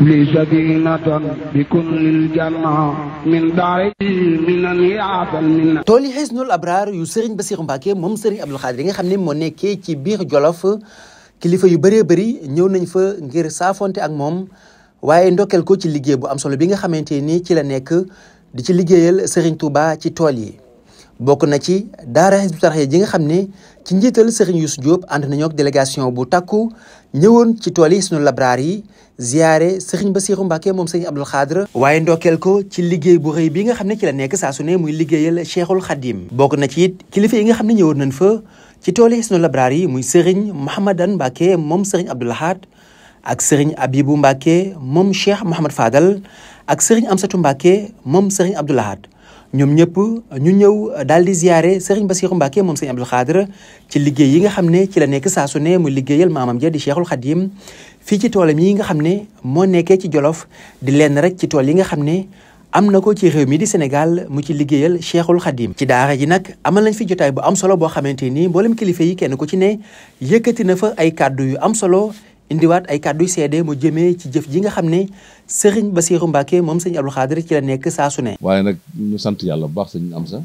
لي سكينة بكل الجنة من داري من نيات المنة tooli Hisnul Abraar yu Serigne Bassirou Mbacké moom Serigne Abdou Khadre yi nga xam ne moo nekkee ci biir Jolof kilifa yu bëree bari ñëw nañ fa ngir saafonte ak moom waaye ndokkeel ko ci liggéey bu am solo bi nga xamante ni ci la nekk di ci liggéeyal sëriñ Touba ci tool yi bokk na ci daara Hizbut Tarqiyyah ji nga xam ne ci njiital Serigne Youssou Diop ànd nañoo ak délégation bu takku ñëwoon ci tool yi Hisnul Abraar yi ziyaare ba Bassirou Mbacké moom sëriñ Abdou Khadre waaye ndokkeel ko ci liggéey bu rëy bii nga xam ne ci la nekk saasu ne muy liggéeyal Cheikhul Khadim bokk na ci it kilifa yi nga xam ne ñëwoon nañ fa ci tool yi Hizbut Labrari yi muy sëriñ Mouhamadan Mbacké moom sëriñ Abdou Lahad ak sëriñ Abibou Mbacké moom Cheikh Mouhamad Fadal ak sëriñ Amsatou Mbacké moom sëriñ Abdou Lahad ñoom ñëpp ñu ñëw daal di ba Serigne Bassirou Mbacké moom Serigne Abdou Khadre ci liggéey yi nga xam ne ci la nekk saa su ne mu liggéeyal maamam ja di Cheikhul Khadim fii ci toolam yi nga xam ne moo nekkee ci Jolof di rek ci tool yi nga xam ne am na ko ci réew di Sénégal mu ci liggéeyal Cheikhul Khadim ci daara ji nag amal nañ fi jotaay bu am solo boo xamante ni mboolem kilifa yi kenn ku ci ne yëkkati na fa ay kàddu yu am solo indiwaat ay kàddu yu seede mu jëmee ci jëf ji nga xam ne sëriñ Bassirou Mbacke moom sëñ Abdou Khadir ci la nekk saa ne. waaye nag ñu sant yàlla bu baax sañ am sa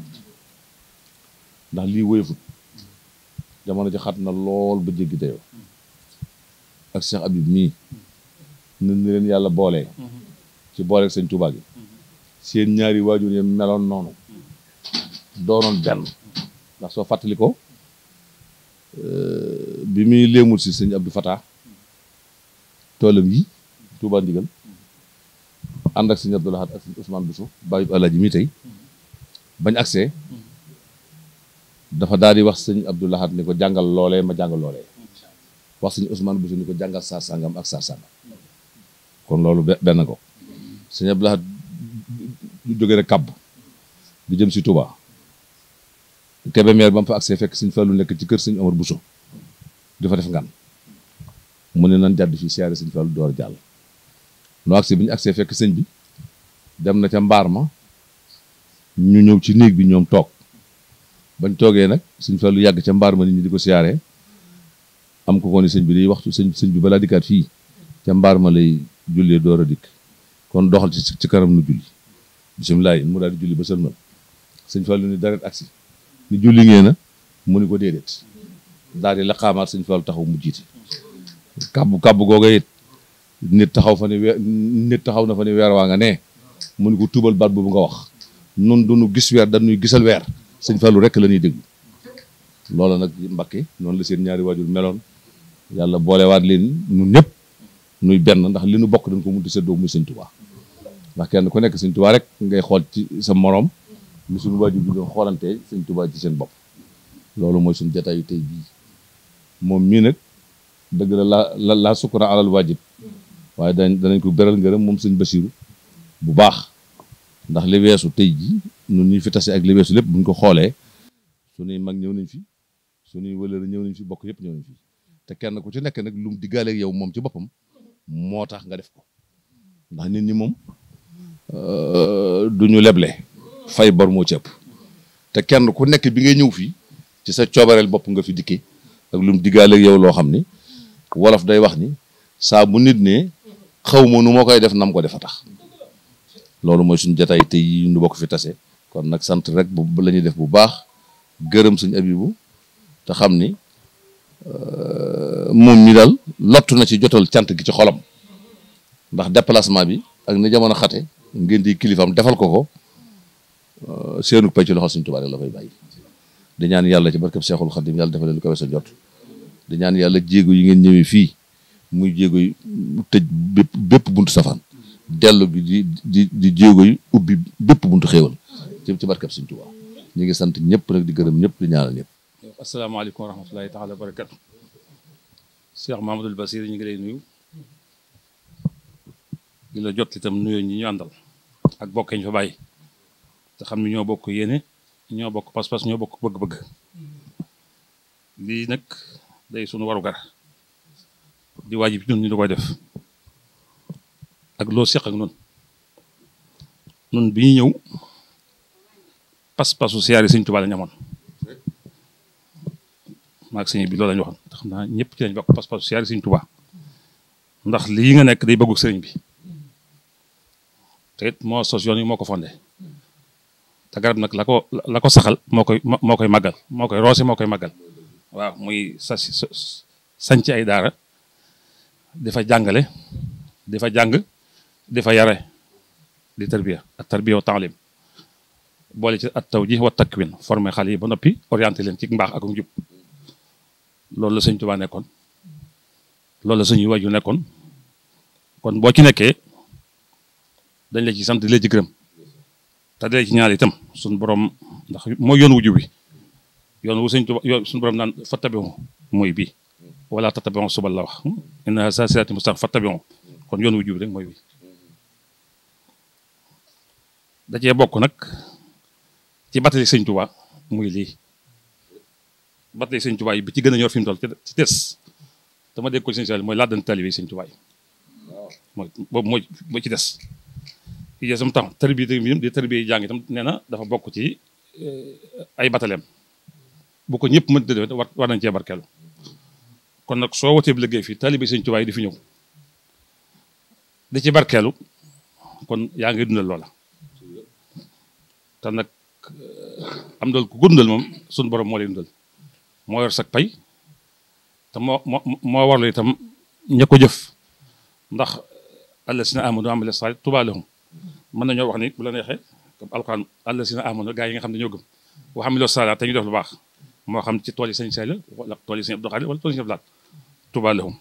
ndax lii wéyfut jamono ji xat na lool ba jéggi dayoo ak Cheikh Habib mii ni ni leen yàlla boolee ci booleeg sëñ Touba gi seen ñaari waajur yi meloon noonu doonoon benn ndax soo fàttali ko euh, bi muy léemul si sëñ Abdou Fatah toolam yi Touba ndigal ànd ak sëñ Abdou Lahad ak sëñ Ousmane Bousso bàyyib àlaji mi tey bañ agsee dafa daal di wax sëñ Abdou Lahad ni ko jàngal loolee ma jàngal loolee wax sëñ Ousmane Bousso ni ko jàngal saar sàngam ak saar sàngam kon loolu benn ko sëñ Abdou Lahad jóge rek kàbb di jëm si Touba kebe meer ba fa agsee fekk sëñ lu nekk ci kër sëñ Omar Bousso di fa def ngan mu ne nan jàdd fii siyaare sëñ Fallu door jàll noo agsee bi ñu fekk sëñ bi dem na ca mbaar ma ñu ñëw ci néeg bi ñoom toog bañ toogee nag suñ sëñ lu yàgg ca mbaar ma nit ñu di ko siyaare am ko ko ni sëñ bi day waxtu sëñ sëñ bi balaa dikkaat fii ca mbaar ma lay jullee door a dikk kon doxal ci ci karam nu julli bisimilah mu daal di julli ba sëlmal sëñ Fallu ni dara agsi ni julli ngee na mu ni ko déedéet daal di la xaamaat sëñ Fallu taxaw mu jiite kàbbu kàbbu googa it nit taxaw fa ni taxaw na fa ni weer waa nga nee mu ni ko tuubal baat boobu nga wax noonu nun duñu gis weer dañuy gisal weer sëñ Fallou rek la ñuy déglu loola nag Mbàkke noonu la seen ñaari waajur meloon yàlla waat leen ñun ñëpp nuy benn ndax li nu bokk dañ ko munti séddoo muy sëñ Tuubaa ndax kenn ku nekk sëñ Tuubaa rek ngay xool ci sa moroom lu suñu waajur bi doon xoolantee sëñ ci seen bopp loolu mooy suñu jataayu tey bii moom mii nag dëgg la la la laa sukkura alal waajib waaye dañ danañ ko beral ngërëm moom sëñ Basiiru bu baax ndax li weesu tey ji ñun ñu fi tase ak li weesu lépp buñ ko xoolee suñuy mag ñëw nañ fi suñuy wëlëri ñëw nañ fi bokk yëpp ñëw nañ fi te kenn ku ci nekk nag lu mu yow moom ci boppam moo tax nga def ko ndax nit ñi moom euh, du leble fay bor moo ci te kenn ku nekk bi ngay ñëw fii ci sa coobareel bopp nga fi dikke ak lu mu diggaale ak yow loo xam ni wolof day wax ni saa bu nit ne xaw ma nu moo koy def nam ko def a tax loolu mooy suñu jotaay te yi ñu bokk fi tase kon nag sant rek bu la ñuy def bu baax gërëm suñu abibu te xam ni euh, moom mi daal lottu na ci jotal cant gi ci xolam ndax déplacement bi ak na jamono xate ngeen di kilifaam defal ko ko euh, seenu pay ci loxo suñu tubaab la koy bàyyi di ñaan yàlla ci barkeb Seexul Xadim yàlla defal leen lu ko weesoo jot di ñaan yàlla jéego yi ngeen ñëwee fii muy jéego yi tëj bépp bépp buntu safaan dellu bi di di di jéego ubbi bépp buntu xéewal ci barkab Sëñ Tuubaa ñu ngi sant ñëpp nag di gërëm ñëpp di ñaanal ñëpp. asalaamaaleykum wa rahmatulahi taala barakatu. Cheikh Mamadou Basir ñu ngi lay nuyu. di jot itam nuyoo ñi ñu àndal. ak bokk ñu fa bàyyi. te xam ne ñoo bokk yéene ñoo bokk pas-pas ñoo bokk bëgg-bëgg. lii nag day sunu warugar. di waajib ñun ñu da koy def. ak loo seq ak noonu noonu bi ñuy ñëw pas-pasu siyaare sëñ Tuubaa la ñu amoon maag sëñ bi loolu la ñu waxoon xam naa ñëpp ci lañ bokk pas-pasu siyaare sëñ Tuubaa ndax lii nga nekk day bëggu sëriñ bi te it moo sos yoon yi moo ko fondé te garab nag la ko ko saxal moo koy moo koy màggal moo koy rose moo koy màggal waaw muy sas ay daara dafa jàngale dafa jàng di fa yare di tarbiya ak tarbiya wa taalim boole ci at tawjih wa takwin formé xale yi ba noppi orienté leen ci mbaax ak njub loolu la sëñ Tuubaa nekkoon loolu la suñuy waaju nekkoon kon boo ci nekkee dañ la ci sant di la ci gërëm te di la ci ñaar itam suñu borom ndax mooy yoon wu jub bi yoon wu sëñ Tuubaa yoon suñu borom naan fattabi'u mooy bi wala tattabi'u subal la wax inna saa siraati mustaqim fattabi'u kon yoon wu jub rek mooy bi da cee bokk nag ci batali sëñ Tuubaa muy lii batali sëñ Tuubaa yi bi ci gën a ñor fi mu toll ci des dama dégg ko sëñ Saaliw mooy laadan taalibe sëñ Tuubaa yi mooy boobu mooy mooy ci des ci des tam tam tarbiya di tarbiya yi jàng itam nee na dafa bokk ci eh, ay bataleem bu ko ñëpp mën di def war war nañ cee barkeelu kon nag soo wotee bi liggéey fii taalibe sëñ Tuubaa yi di fi ñëw di ci barkeelu kon yaa ngi dundal loola te nag eh, am dal ku gundal moom suñu borom moo leen dal moo yor sag pay te moo moo moo warlu itam ña ko jëf ndax allasina amanu amale sal tuba lahum mën nañoo wax ni bu la neexee comme alquran allasina amanu gaa yi nga xam ne ñoo gëm wax am loo saala te ñu def lu baax moo xam ci tool yi sëñ say la wala tool yi sëñ Abdou Xaadir wala tool yi sëñ Abdou Lahat tuba lahum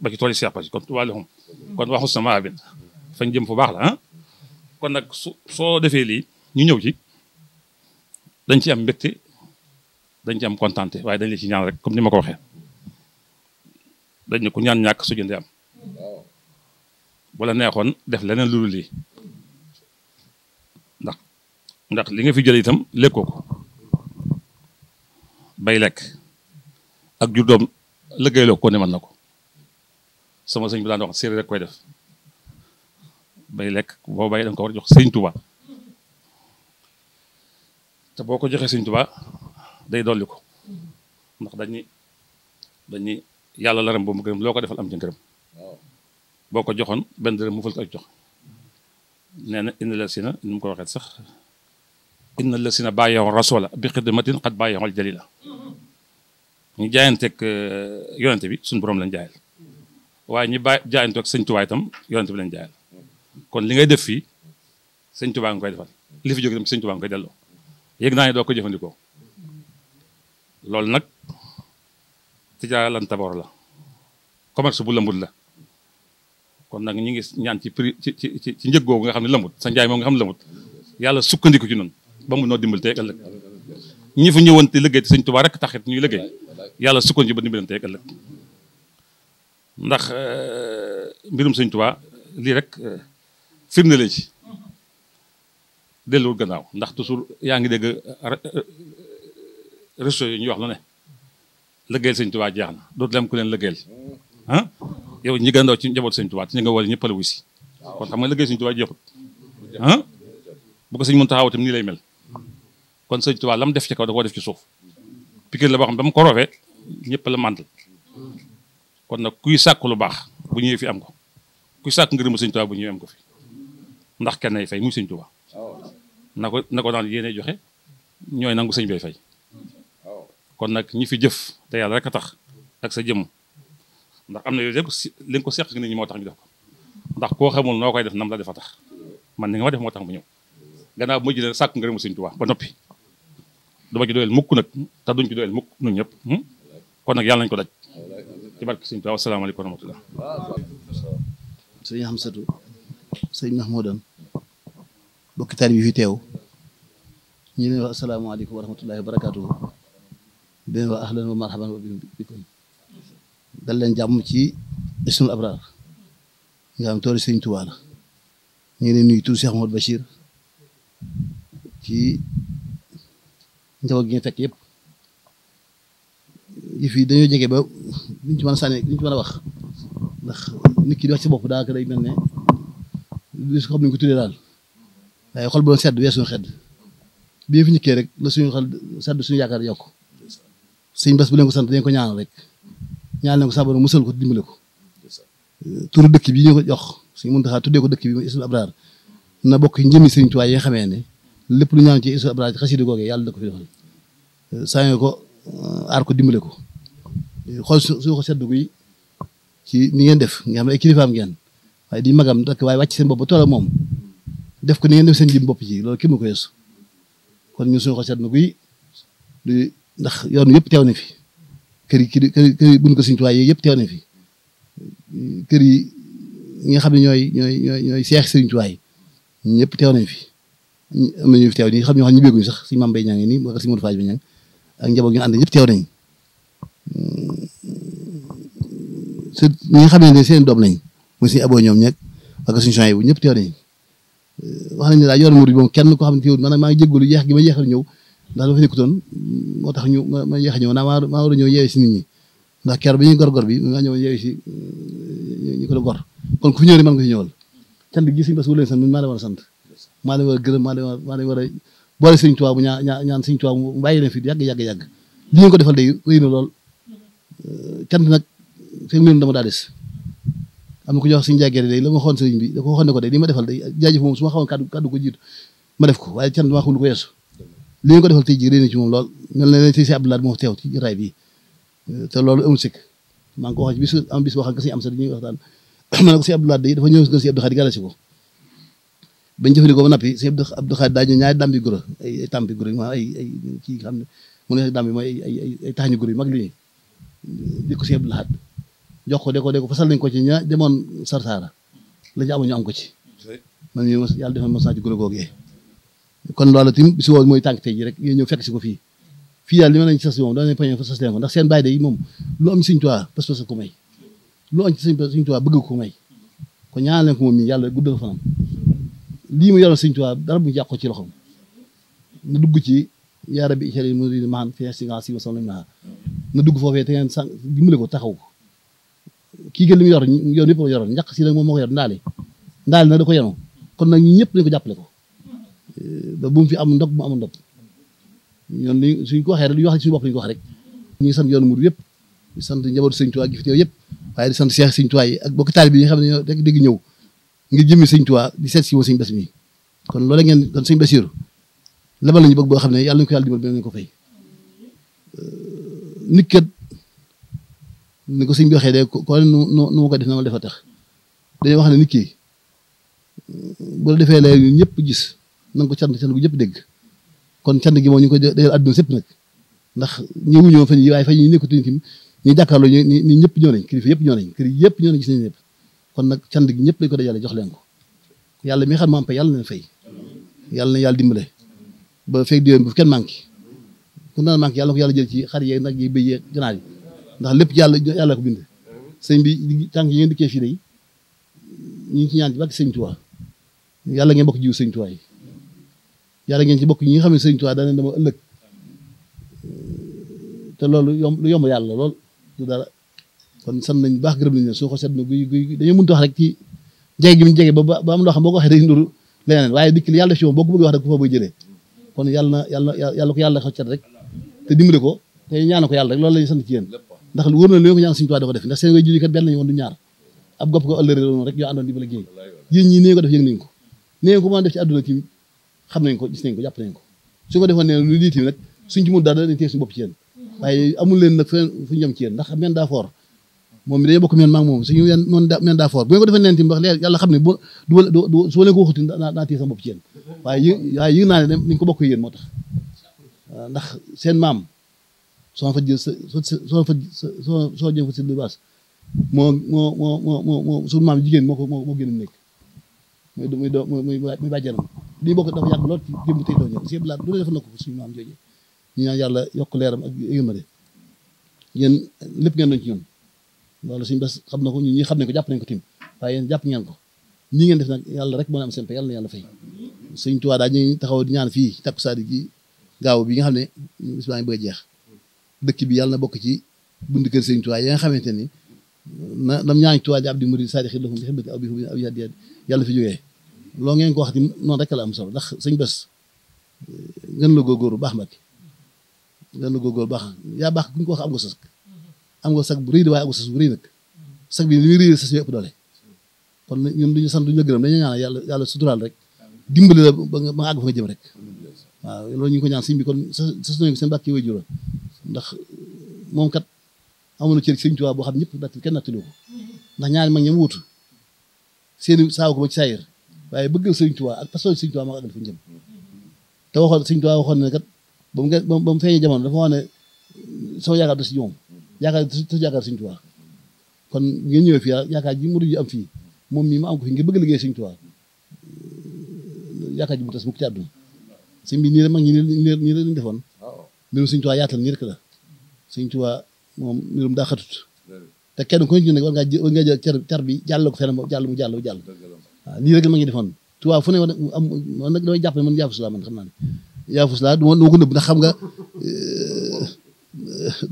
ba ci kon tuba lahum kon waxu sama abin fañ jëm fu baax la ah. kon nag soo defee ñu ñëw ci dañ ci am mbégte dañ ci am kontaante waaye dañ la ci ñaan rek comme ni ma ko waxee dañ ne ku ñaan ñàkk su jëndee am wala neexoon def leneen lu dul lii ndax ndax li nga fi jëlee itam lekkoo ko bay lekk ak jur doom liggéeyloo ko ne na ko sama sëñ bi daan wax séeréer rek koy def bay lekk boo bay da ko war a jox sëñ te boo ko joxee Sëñ Tuubaa day dolli ko ndax dañuy dañuy yàlla la ram boobu mu gërëm loo ko defal am ci boo ko joxoon benn dërëm mu fël ko jox nee na inna lasina ni mu ko waxee sax inna lasina bàyyoon rasoola bi xidmatin xat bàyyoon jalila ñu jaayanteeg euh, yonente bi suñu borom lañ jaayal waaye ñi bàyyi jaayanteeg sëñ Tuubaa itam yonente bi lañ jaayal kon li ngay def fii sëñ Tuubaa nga koy defal li fi jóg itam sëñ Tuubaa nga koy delloo yëg naa ne doo ko jëfandikoo loolu nag tijaara lan taboor la commerce bu lëmbut la kon nag ñu ngi ñaan ci pris ci ci ci njëg googu nga xam ne lëmbut sa njaay moom nga xam ne lëmbut yàlla sukkandiku ci noonu ba mu noo dimbal tey ak ëllëg ñi fa ñëwoon te liggéey te sëñ Tuubaa rek taxit ñuy liggéey yàlla sukkandiku ba dimbaleen tey ak ëllëg ndax euh, mbirum sëñ Tuubaa lii rek euh, firnde la ci dellul gannaaw ndax toujours yaa ngi dégg euh, euh, réseau yi ñuy wax lu ne lëggéeyal sëñ Tuubaa jeex na dootu dem ku leen lëggéeyal ah yow ñi gën a ndaw ci njaboot sëñ Tuubaa ci ñi nga war ñëpp a la wusi kon xam nga lëggéey sëñ Tuubaa jeexut bu ko sëñ mën taxaw tam nii lay mel kon sëñ Tuubaa la mu def ci kaw da koo def ci suuf pikir la boo xam ne ba mu ko rofee ñëpp la màndal kon nag kuy sàkk lu baax bu ñëwee fi am ko kuy sàkk ngërëmu sëñ Tuubaa bu ñëwee am ko fi ndax kenn ay fay muy sëñ Tuubaa na ko na ko daan yéene joxe ñooy nangu sëñ bay fay kon nag ñi fi jëf te yàlla rek a tax ak sa jëmm ndax am na yooyu lépp li nga ko seq nit moo tax ñu def ko ndax koo xamul noo koy def nam la dafa tax man ni nga ma def moo tax mu ñëw gannaaw mujj na sàkku ngërëmu sëñ Tuubaa ba noppi dama ci doyal mukk nag te duñ ci doyal mukk nun ñëpp hmm? kon nag yàlla nañu ko daj ci barke sëñ Tuubaa wasalaamaaleykum wa rahmatullah sëñ Amsatu sëñ Mahmoudan bokki taalibe bi fi teew ñu leen wax asalaamaaleykum wa rahmatullahi wa barakaatuhu di leen wax ahlan wa marhaban wa bikum dal leen jàmm ci Hisnul Abraar nga xam toolu Sëriñ Tuubaa la ñu ngi leen nuyu tur Cheikh Mouhamadou Bachir ci njaboot gi ñu fekk yëpp yëf yi dañoo jege ba duñ ci mën a sànni duñ ci mën a wax ndax nit ki di bopp daanaka day mel ne du xam ni ko tuddee daal waaye xol boo sedd weesu xedd bii fi ñikkee rek la suñu xol sedd suñu yaakaar yokk sëñ bas bu leen ko sant dañ ko ñaanal rek ñaanal leen ko sabaru musal ko dimbale ko turu dëkk bi ñu ko jox suñu Muntaxa tuddee ko dëkk bi Hizbul Abraar na bokk njëmi sëñ Tuubaa yi xamee ne lépp lu ñaan ci Hizbul Abraar xasida googee yàlla da ko fi defal saa ko euh, ko dimbale sedd guy ci ni ngeen def nga xam ne ngeen waaye di magam rek waaye wàcc seen bopp ba tool moom def ko ni ngeen def seen jëm bopp ci loolu kenn du ko yeesu kon ñu suñu xol seet na kuy ndax yoon yëpp teew na fi kër yi kër yi kër ko Sëriñ Tuubaa yëpp teew na fi kër yi nga xam ne ñooy ñooy ñooy ñooy seex Sëriñ Tuubaa ñëpp teew nañ fi am na ñu xam ñoo xam ñu sax Sëriñ Mame Mbaye Niang nii wala Sëriñ bi Niang ak njaboot ñu ànd ñëpp teew nañ ñi nga xam ne seen doom nañ muy Sëriñ Abo ñoom ñeeg wala Sëriñ Chouaïbou ñëpp teew nañ wax nañ ne daal yoonu murid moom kenn koo xam ne teewul maanaam maa ngi jéggalu yeex gi ma yeexal ñëw ndax dafa nekkutoon moo tax ñu ma yeex a ñëw naa maa war a ñëw yeewi si nit ñi ndax ker bi ñu gor gor bi maa ñëw yeewi si euh, ñu ko la gor kon ku fi ñëw man ko fi ñëwal cant gi sëñ bas wu leen sant maa leen war a sant maa leen war a gërëm maa leen war a boole sëñ Tuubaa ñaan sëñ Tuubaa mu bàyyi leen fi yàgg yàgg yàgg li ngeen ko defal day rëy na lool euh, cant nag fi mu ne dama daa am na ko jox suñu jàggee day la ma xoon sëriñ bi da ko xoon ne ko day li ma defal day jaajëf moom su ma xawoon kàddu kàddu ko jiitu ma def ko waaye can waxul ko yeesu li ko defal tey ji ci moom lool mel na ne si si Abdoulaye moo teew ci raay te loolu amul sikk maa ngi ko wax ci bis am bis boo am sa dañuy waxtaan ma ne ko si Abdoulaye day dafa ñëw si si Abdou Khadi gàlla si ko bañ jëfandikoo ba noppi si Abdou Abdou Khadi daa ñu ñaari dàmbi gura ay ay tàmbi i maanaam ay ay kii xam ne mu ne dàmbi mooy ay ay ay taxañu yu mag lu ñuy di ko si Abdou jox ko de ko de ko fasal nañ ko ci ña demoon sarsaara la ñu amuñu ko ci man ñu yàlla defal ma saa ci gurgóog yi kon loolu tim si woo mooy tànk tey ji rek yéen ñëw fekk si ko fii fii daal li ma leen ci sas moom danañ pañe moom lu am Sëñ Tuubaa pas-pas ko ci Sëñ Tuubaa bëgg ko may ko ñaan leen ko moom mii yàlla guddal fanam lii mu yoroon Sëñ Tuubaa dara bu jàq ko ci loxo na dugg ci yaa rabbi ij'al muriidi maan fi ihsaanin wa sallim na dugg foofee te ko taxaw ko kii gën li mu yor yoon yëpp ko yoroon ñàkk si nag moom moo ko yor ndaali ndaali nag da ko yenoo kon nag ñu ñëpp dañu ko jàppale ko ba bu mu fi am ndog mu am ndog ñoon li suñ ko waxee rek li ñu wax suñu bopp lañu ko wax rek ñu ngi sant yoonu murid yëpp di sant njabootu sëñ Tuubaa gi fi teew yëpp waaye di sant Seex sëñ Tuubaa yi ak bokk taalibe yi nga xam ne ñoo rek dégg ñëw ngir jëmmi sëñ Tuubaa di seet si woon sëñ Bass mi kon loolu ngeen kon sëñ Bassirou lebal lañu bëgg boo xam ne yàlla ñu ko yàlla dimbal bi nañu ko fay nit ni ko sëñ bi waxee de ko nu nu ma ko def na ma defa tax dañoo wax ne nit ki bu la defee lay ñëpp gis na nga ko cant cant bu ñëpp dégg kon cant gi moom ñu ngi koy dajal àdduna sépp nag ndax ñëwuñoo fa ñi waaye fa ñi nekkatuñu tim ñu jàkkaarloo ñu ñu ñëpp ñoo nañ kilifa yëpp ñoo nañ kër yëpp ñoo nañ gis nañ ñëpp kon nag cant gi ñëpp lañ ko dajale jox leen ko yàlla mi xam ma am pay yàlla na fay yàlla na yàlla dimbale ba fekk di bu kenn manqué ku naan manqué yàlla ko yàlla jël ci xar yeeg nag yi béy yeeg ganaar yi ndax lépp yàlla yàlla ko bindee sëñ bi tànk yi ngeen dikkee fii de ñu ngi ci ñaan ci bàkki sëñ Tuubaa yàlla ngeen bokk jiw sëñ Tuubaa yi ngeen ci bokk ñi nga xam ne sëñ Tuubaa dana dama ëllëg te loolu yomb lu yomb yàlla lool du dara kon san nañ baax gërëm nañ leen soo ko seet na guy guy dañoo mënut wax rek ci jege gi mu jege ba ba am loo xam boo ko waxee day nduru leneen waaye dikk li yàlla def ci moom boo ko wax rek ku fa bay jëlee kon yàlla na yàlla yàlla ko yàlla rek te dimbale ko te ñaana ko yàlla rek loolu la ñu sant ci ndax lu wóor na ko ñaan Sëriñ ko ëllëre loolu ko def yëg nañ ko nee ko mën a def ci àdduna waaye amul nag fu ñu ci yéen ndax men daa foor moom mi dañoo bokk men maag moom suñu yeen noonu men daa foor bu ngeen ko defee neen tim wax lee yàlla xam ne bu leen ko waxuti naa tee sama bopp ci yéen waaye yëg naa ne nañ ko bokk yéen moo tax ndax seen maam soo fa jël sa soo fa soo soo jël fa si baas moo moo moo moo moo suñu maam jigéen moo ko moo moo gën a nekk muy muy muy muy bàjjanam lii bokk dafa yàgg lool ci jëmm tey doo ñëw si laa lu ne def na ko suñu maam jooju ñu ñaan yàlla yokk leeram ak yërmande yéen lépp ngeen doon ci ñoom loolu suñu bés xam na ko ñun ñi xam nañ ko jàpp nañ ko tim waaye yéen jàpp ngeen ko ñi ngeen def nag yàlla rek moo am seen pay yàlla na yàlla fay suñ tuwaa daa ñu taxaw di ñaan fii takku saadi gi gaaw bi nga xam ne bis baa ngi bëgg a jeex dëkk bi yàlla na bokk ci bundi kër sëñ Tuubaa yi nga xamante ni na dam ñaañ Tuubaa di ab di murid sadi xi lafu bi xibati aw bi aw yaddi yaddi yàlla fi loo ngeen ko wax di noonu rek la am solo ndax sëñ bés ngeen la góorgóoru baax ko wax am nga sas am bu rëy di waaye am nga sas bu rëy nag sag bi li muy rëy sas bi ëpp doole kon ñun duñu sant duñu la gërëm dañu ñaan yàlla yàlla suturaal rek dimbali la ba seen bàkki way juróom ndax moom kat amoon na cër sëñ Tuubaa boo xam ñëpp natt kenn nattalu ko ndax ñaari mag ñam wutu seeni saaw ko ci saayir waaye bëgg sëñ Tuubaa ak façon sëñ Tuubaa moo ko àggal fu ñu jëm te waxoon sëñ Tuubaa waxoon ne kat ba mu ba mu feeñee jamono dafa wax ne sama yaakaar du si moom yaakaar du yaakaar sëñ Tuubaa kon ngeen ñëwee fii yaakaar ji mu am fii moom mii ma am ko fi ngir bëgg liggéey sëñ Tuubaa yaakaar ji bu tas mu ko ci àdduna sëñ bi nii la mag ñi nii la defoon mbirum Sëñ Tuubaa yaatal nii rek la Sëñ Tuubaa moom mbirum daa xatut kenn ku ñu nag war ngaa war ngaa jël cer cer bi jàll ko jàll mu jàll jàll waaw ma ngi defoon Tuubaa fu ne am man nag damay jàpp ne man yaafus laa man xam naa ne nëbb ndax xam nga euh,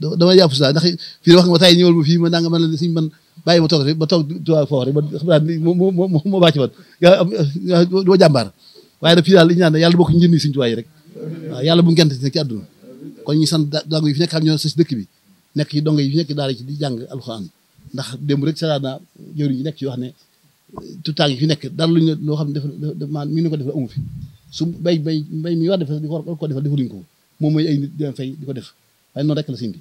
euh, damay yaafus laa ndax fii wax nga ma tay ñëwal ma fii ma naa nga mën la suñ man bàyyi ma toog fi ba toog Tuubaa foofu rek man xam naa moo bàcc man du ma jàmbaar waaye nag fii daal yàlla bokk njëriñ Sëñ Tuubaa yi rek yàlla bu ngent ci àdduna kon ñu sant dong yi fi nekk xam ñoo si dëkk bi nekk ci dong yi fi nekk daara ci di jàng ndax démb rek saraa naa jëriñ yi nekk ci wax ne tutaan yi fi nekk dara luñ loo xam ne def maan mi nu ko defal amu fi su bay bay bay mi war ko war mooy ay nit ko def waaye noonu rek la sëñ bi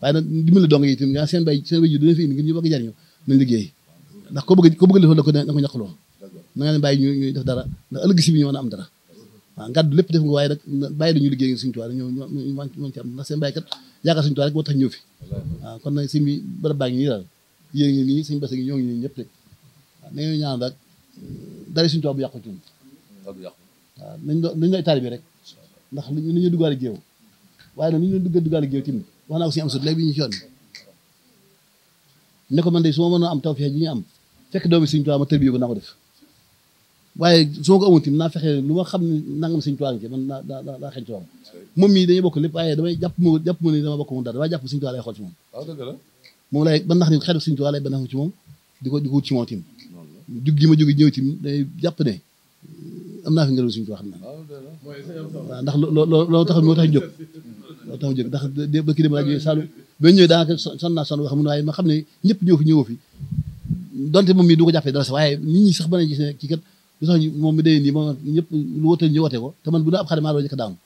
waaye nag dimbali dong ñu bëgg jariñu nañ ko bëgg ko bëgg defal da ko da ko ñàkk lool na dara ndax ëllëg ñu mën a am dara waaw ngàddu lépp def nga waaye nag bàyyi dañu liggéey suñu tuwaar ñëw ñoñ ci am ndax seen bàyyikat yaakaar suñu tuwaar rek moo fi kon nag sëñ bi barab baa ngi nii daal yéen ngi nii suñu bese ngi ñoo ngi nii ñëpp rek waaw na ngeen ñaan rek euh, dara suñu tuwaar bu yàqu ci ñun ndax li ñu duggaale géew waaye nag li ñu dugg duggaale géew tim wax naa ko léegi bi ñu coon ne ko man de su man mënoon am tawfeex ji ñu am fekk doomi suñu tuwaar ma tërbiyo ko naa ko def waaye su ma ko amoon tamit naa fexe lu ma xam ne nangam sëñ tuwaa ci man daa daa daa xeeñ ci moom moom mii dañuy bokk lépp waaye damay jàpp ma jàpp ma ne dama bokk moom dara waaye jàpp sëñ tuwaa lay xool ci moom waaw dëgg la moom lay ba ndax ni xeetu sëñ tuwaa lay banax ci moom di ko di ko wut ci moom tamit jug gi ma jóge ñëw tamit day jàpp ne euh, am naa fi ngërëm sëñ tuwaa xam naa waaw ndax loolu tax moo tax jóg loolu tax jóg ndax ba ki dem laa jógee Saloum ba ñëw daanaka son naa son wax mun waaye ma xam ne ñëpp ñëw fi ñëwoo fi donte moom mii du ko jàppee dara sax waaye nit ñi sax ba nañ gis ne kii kat lu tax moom mi day nii moom ñëpp lu wote ñu wote ko te man bu ñu ab xare maa waroon njëkk daanu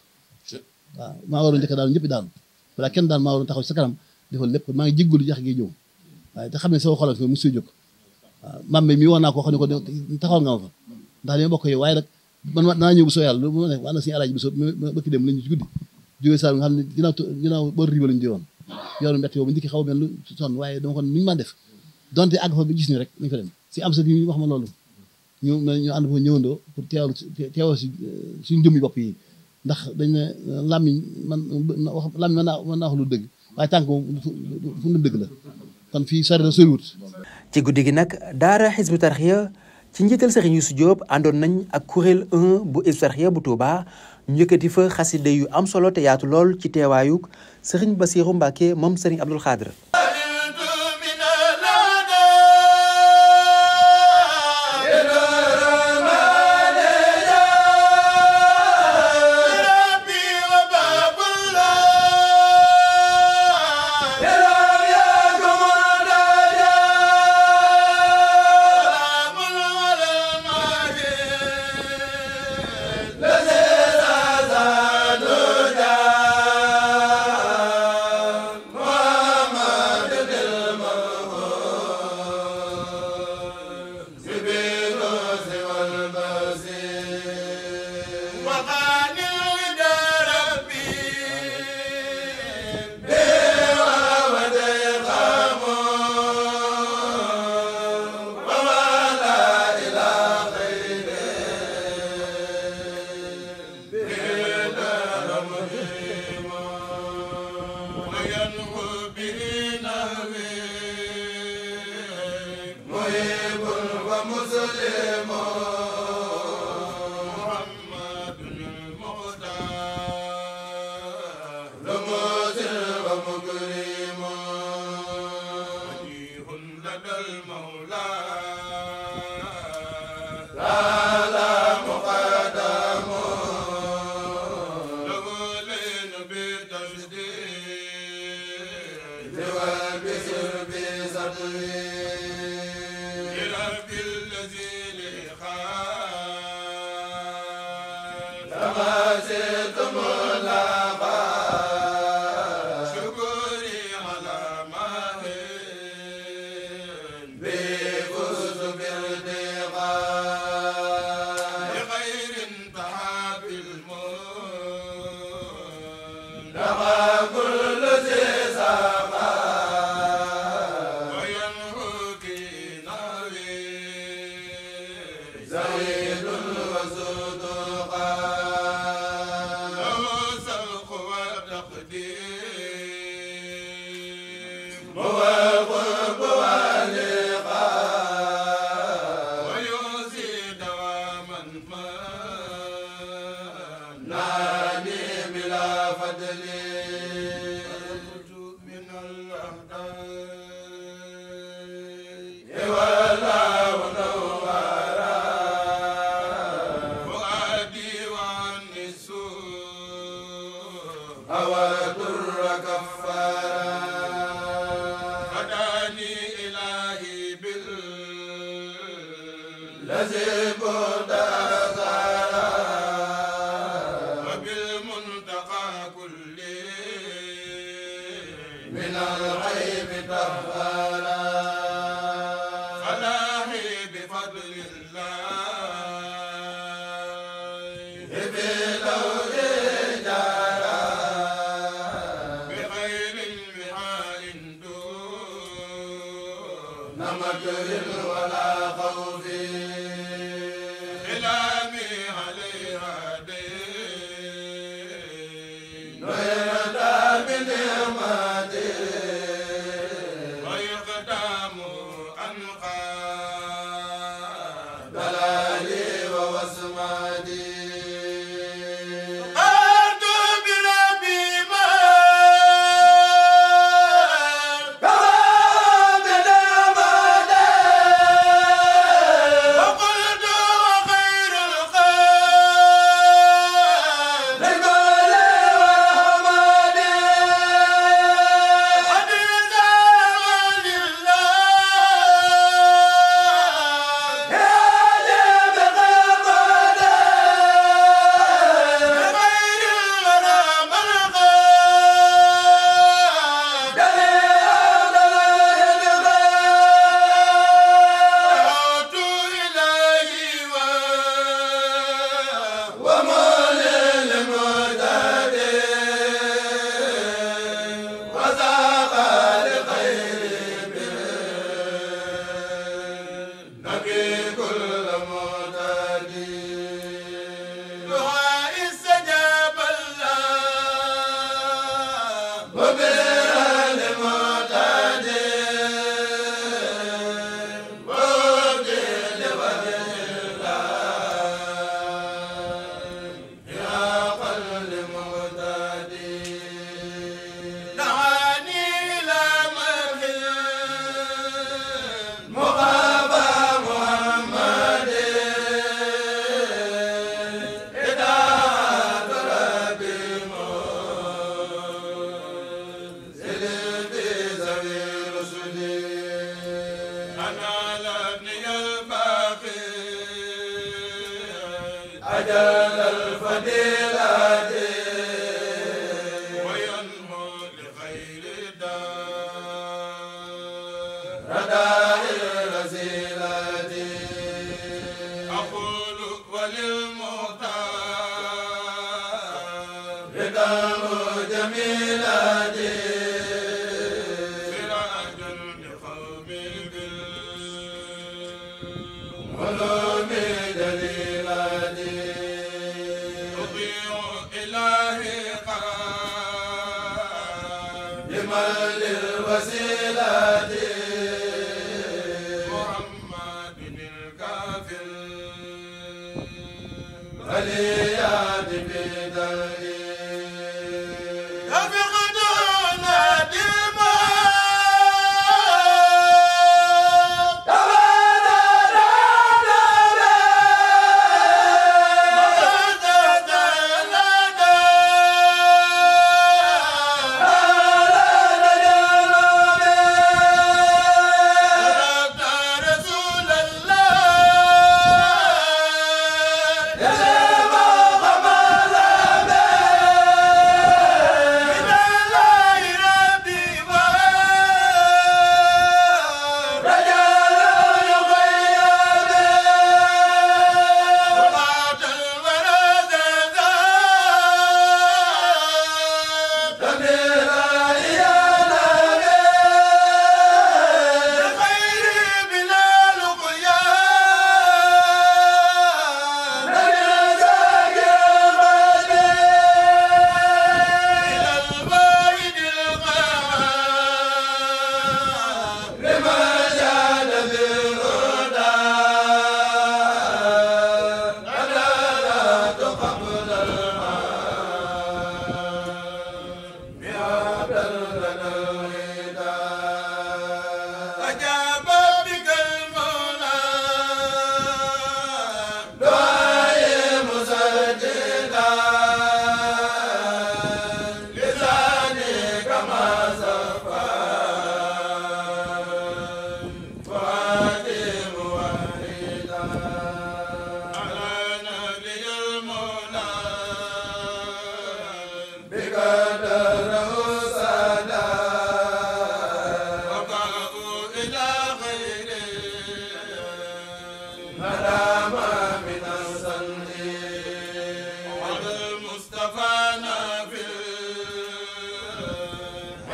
waaw maa waroon njëkk daanu ñëpp daanu balaa kenn daan maa waroon taxaw sa kanam defal lépp maa ngi jéggalu jax gi jëw waaye te xam ne sama xolal fi mosu jóg waaw maam mi mii wax naa ko xam ne ko taxaw nga ma fa ndax li ma bokk yow waaye nag man naa ñëw bu soo yàlla lu ma ne wax na suñu alaaji bi soo bëkki dem lañu ci guddi jógee saa nga xam ne ginnaaw ginnaaw bor riba lañu jógoon yoonu mbett boobu ndikki xaw mel lu sonn waaye dama ko nuñu maa def donte àgg fa bi gis ñu rek nañu fa dem si am sa bi wax ma loolu ñu ñu ànd fa ñëwandoo pour teewal teewal si eh, suñu jëmmi bopp yi ndax dañ ne eh, làmmiñ man wax làmmiñ mën naa wax lu dëgg waaye tànk fu mu dëgg la kon fii sori na soriwut ci guddi gi nag daara Hizbut Tarqiyyah ci njiital Serigne Youssou Diop àndoon nañ ak kuréel 1 bu Hizbut Tarqiyyah bu Touba ñu yëkkati fa xaside yu am solo te yaatu lool ci teewaayug ba Bassirou Mbacké moom Serigne Abdoul Khadre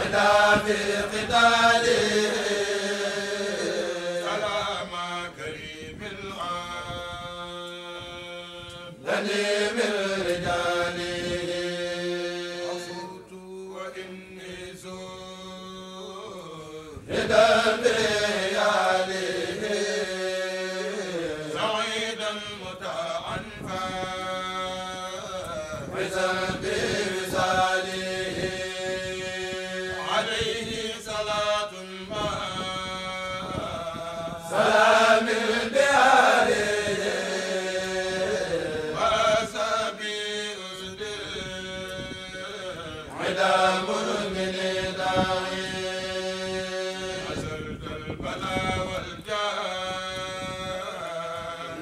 قتال قتال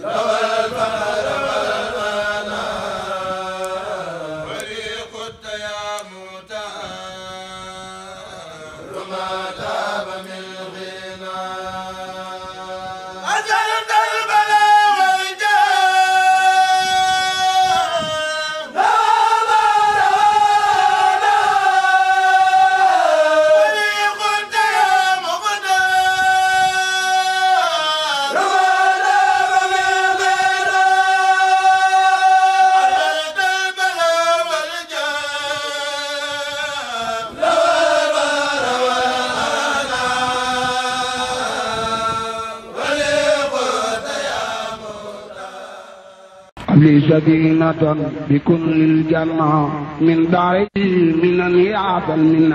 la سبينة بكل الجنة من داري من نيابة من